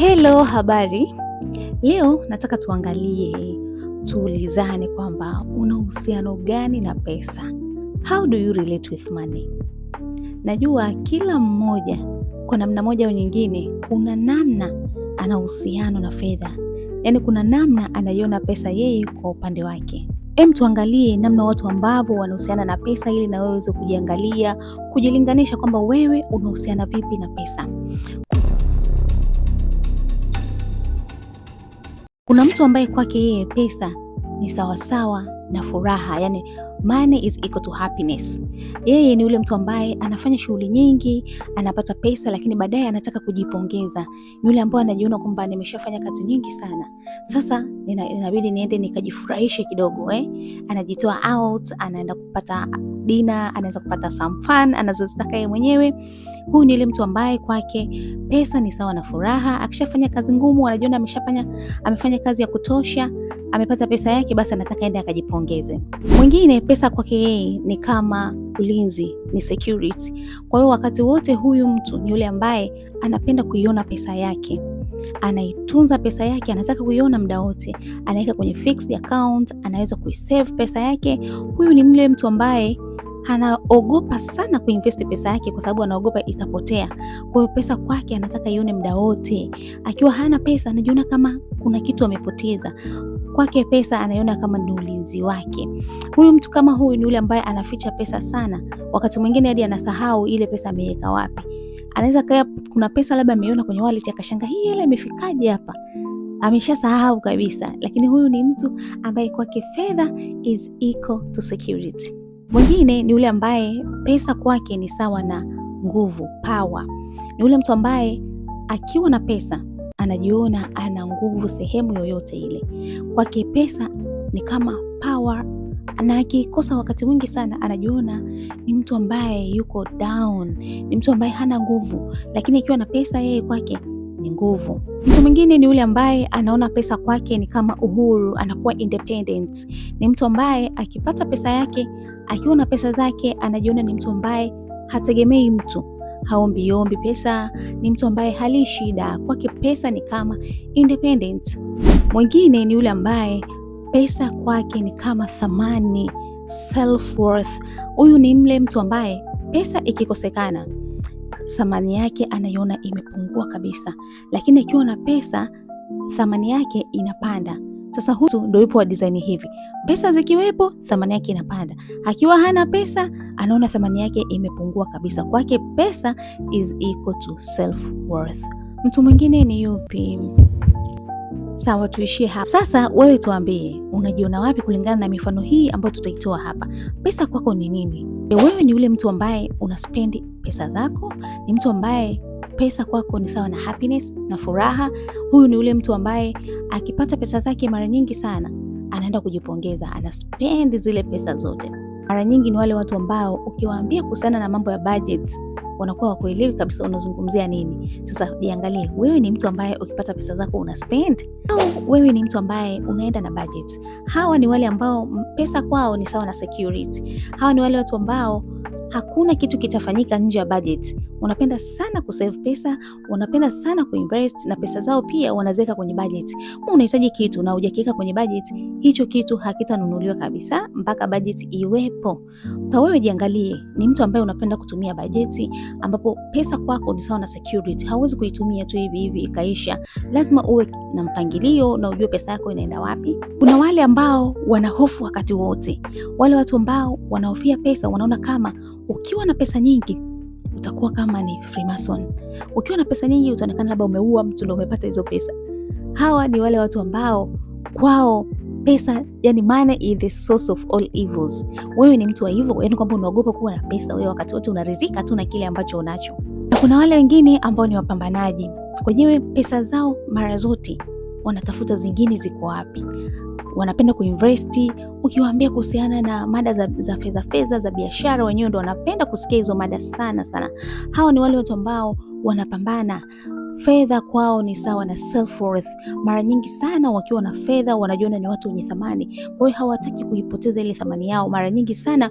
Hello, habari. Leo nataka tuangalie, tuulizane kwamba una uhusiano gani na pesa? How do you relate with money? Najua kila mmoja kwa namna moja au nyingine, kuna namna ana uhusiano na fedha, yaani kuna namna anaiona pesa yeye kwa upande wake. Em, tuangalie namna watu ambavyo wanahusiana na pesa ili na wewe uweze kujiangalia, kujilinganisha kwamba wewe unahusiana vipi na pesa. Kuna mtu ambaye kwake yeye pesa ni sawasawa na furaha, yani money is equal to happiness. Yeye ni yule mtu ambaye anafanya shughuli nyingi, anapata pesa, lakini baadaye anataka kujipongeza. Ni yule ambaye anajiona kwamba nimeshafanya kazi nyingi sana, sasa inabidi niende nikajifurahishe kidogo eh? Anajitoa out, anaenda kupata dina, anaweza kupata some fun anazozitaka yeye mwenyewe. Huyu ni yule mtu ambaye kwake pesa ni sawa na furaha. Akishafanya kazi ngumu, anajiona ameshafanya amefanya kazi ya kutosha amepata pesa yake, basi anataka aende akajipongeze. Mwingine pesa kwake yeye ni kama ulinzi, ni security. Kwa hiyo wakati wote huyu mtu ni yule ambaye anapenda kuiona pesa yake anaitunza pesa yake, anataka kuiona muda wote, anaweka kwenye fixed account, anaweza kuisave pesa yake. Huyu ni mle mtu ambaye anaogopa sana kuinvest pesa yake kwa sababu anaogopa itapotea. Kwa hiyo pesa kwake anataka ione muda wote. Akiwa hana pesa, anajiona kama kuna kitu amepoteza kwake pesa anaiona kama ni ulinzi wake. Huyu mtu kama huyu ni yule ambaye anaficha pesa sana, wakati mwingine hadi anasahau ile pesa ameweka wapi. Anaweza kaya, kuna pesa labda ameiona kwenye wallet akashanga, hii hela imefikaje hapa? Ameshasahau kabisa. Lakini huyu ni mtu ambaye kwake fedha is equal to security. Mwingine ni yule ambaye pesa kwake ni sawa na nguvu, power. Ni yule mtu ambaye akiwa na pesa anajiona ana nguvu sehemu yoyote ile. Kwake pesa ni kama power, na akikosa wakati mwingi sana anajiona ni mtu ambaye yuko down, ni mtu ambaye hana nguvu, lakini akiwa na pesa yeye kwake ni nguvu. Mtu mwingine ni yule ambaye anaona pesa kwake ni kama uhuru, anakuwa independent. Ni mtu ambaye akipata pesa yake, akiwa na pesa zake, anajiona ni mtu ambaye hategemei mtu haombiombi pesa, ni mtu ambaye hali shida kwake, pesa ni kama independent. Mwingine ni yule ambaye pesa kwake ni kama thamani, self worth. Huyu ni mle mtu ambaye pesa ikikosekana thamani yake anaiona imepungua kabisa, lakini akiwa na pesa thamani yake inapanda. Sasa huyu ndio yupo wa design hivi, pesa zikiwepo thamani yake inapanda, akiwa hana pesa anaona thamani yake imepungua kabisa. Kwake pesa is equal to self worth. Mtu mwingine ni yupi? Sawa, tuishie hapa. Sasa wewe tuambie, unajiona wapi kulingana na mifano hii ambayo tutaitoa hapa? Pesa kwako ni nini? Wewe ni yule mtu ambaye unaspendi pesa zako? Ni mtu ambaye pesa kwako ni sawa na happiness na furaha? Huyu ni yule mtu ambaye akipata pesa zake mara nyingi sana anaenda kujipongeza, anaspendi zile pesa zote mara nyingi ni wale watu ambao ukiwaambia kuhusiana na mambo ya budget wanakuwa wakuelewi kabisa unazungumzia nini. Sasa jiangalie, wewe ni mtu ambaye ukipata pesa zako una spend, au wewe ni mtu ambaye unaenda na budget? Hawa ni wale ambao pesa kwao ni sawa na security. Hawa ni wale watu ambao hakuna kitu kitafanyika nje ya budget wanapenda sana kusave pesa, wanapenda sana kuinvest na pesa zao pia wanaziweka kwenye budget. Unahitaji kitu na hujakiweka kwenye budget, hicho kitu hakitanunuliwa kabisa mpaka budget iwepo. Kwa wewe jiangalie, ni mtu ambaye unapenda kutumia bajeti, ambapo pesa kwako ni sawa na security. Hauwezi kuitumia tu hivi hivi ikaisha, lazima uwe na mpangilio na ujue pesa yako inaenda wapi. Kuna wale ambao wana hofu wakati wote, wale watu ambao wanahofia pesa, wanaona kama ukiwa na pesa nyingi utakuwa kama ni Freemason. Ukiwa na pesa nyingi utaonekana labda umeua mtu ndio umepata hizo pesa. Hawa ni wale watu ambao kwao pesa yani, money is the source of all evils. Wewe ni mtu wa hivyo, yani kwamba unaogopa kuwa na pesa, wewe wakati wote unarizika tu na kile ambacho unacho. Na kuna wale wengine ambao ni wapambanaji, wenyewe pesa zao mara zote wanatafuta zingine ziko wapi wanapenda kuinvesti. Ukiwaambia kuhusiana na mada za, za fedha fedha za biashara, wenyewe ndo wanapenda kusikia hizo mada sana sana. Hawa ni wale watu ambao wanapambana fedha kwao ni sawa na self worth. Mara nyingi sana wakiwa na fedha wanajiona ni watu wenye thamani, kwa hiyo hawataki kuipoteza ile thamani yao. Mara nyingi sana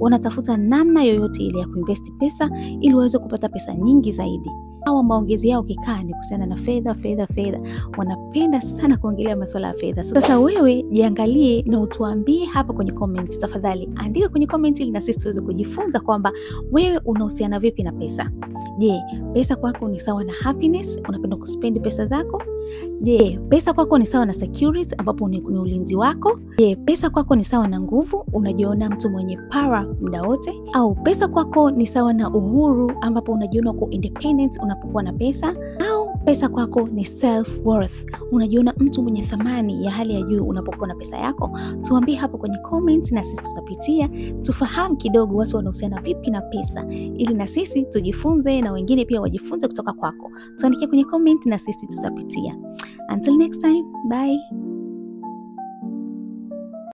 wanatafuta namna yoyote ile ya kuinvesti pesa ili waweze kupata pesa nyingi zaidi hawa maongezi yao kikaa ni kuhusiana na fedha, fedha, fedha. Wanapenda sana kuongelea masuala ya fedha. Sasa wewe jiangalie na utuambie hapa kwenye comment. Tafadhali andika kwenye comment ili na sisi tuweze kujifunza kwamba wewe unahusiana vipi na pesa. Je, pesa kwako ni sawa na happiness? Unapenda kuspendi pesa zako? Je, pesa kwako ni sawa na securities ambapo ni, ni ulinzi wako? Je, pesa kwako ni sawa na nguvu, unajiona mtu mwenye para muda wote? Au pesa kwako ni sawa na uhuru ambapo unajiona uko independent unapokuwa na pesa? Au pesa kwako ni self worth. Unajiona mtu mwenye thamani ya hali ya juu unapokuwa na pesa yako? Tuambie hapo kwenye comment, na sisi tutapitia tufahamu kidogo watu wanahusiana vipi na pesa, ili na sisi tujifunze na wengine pia wajifunze kutoka kwako. Tuandikie kwenye comment, na sisi tutapitia. Until next time, bye.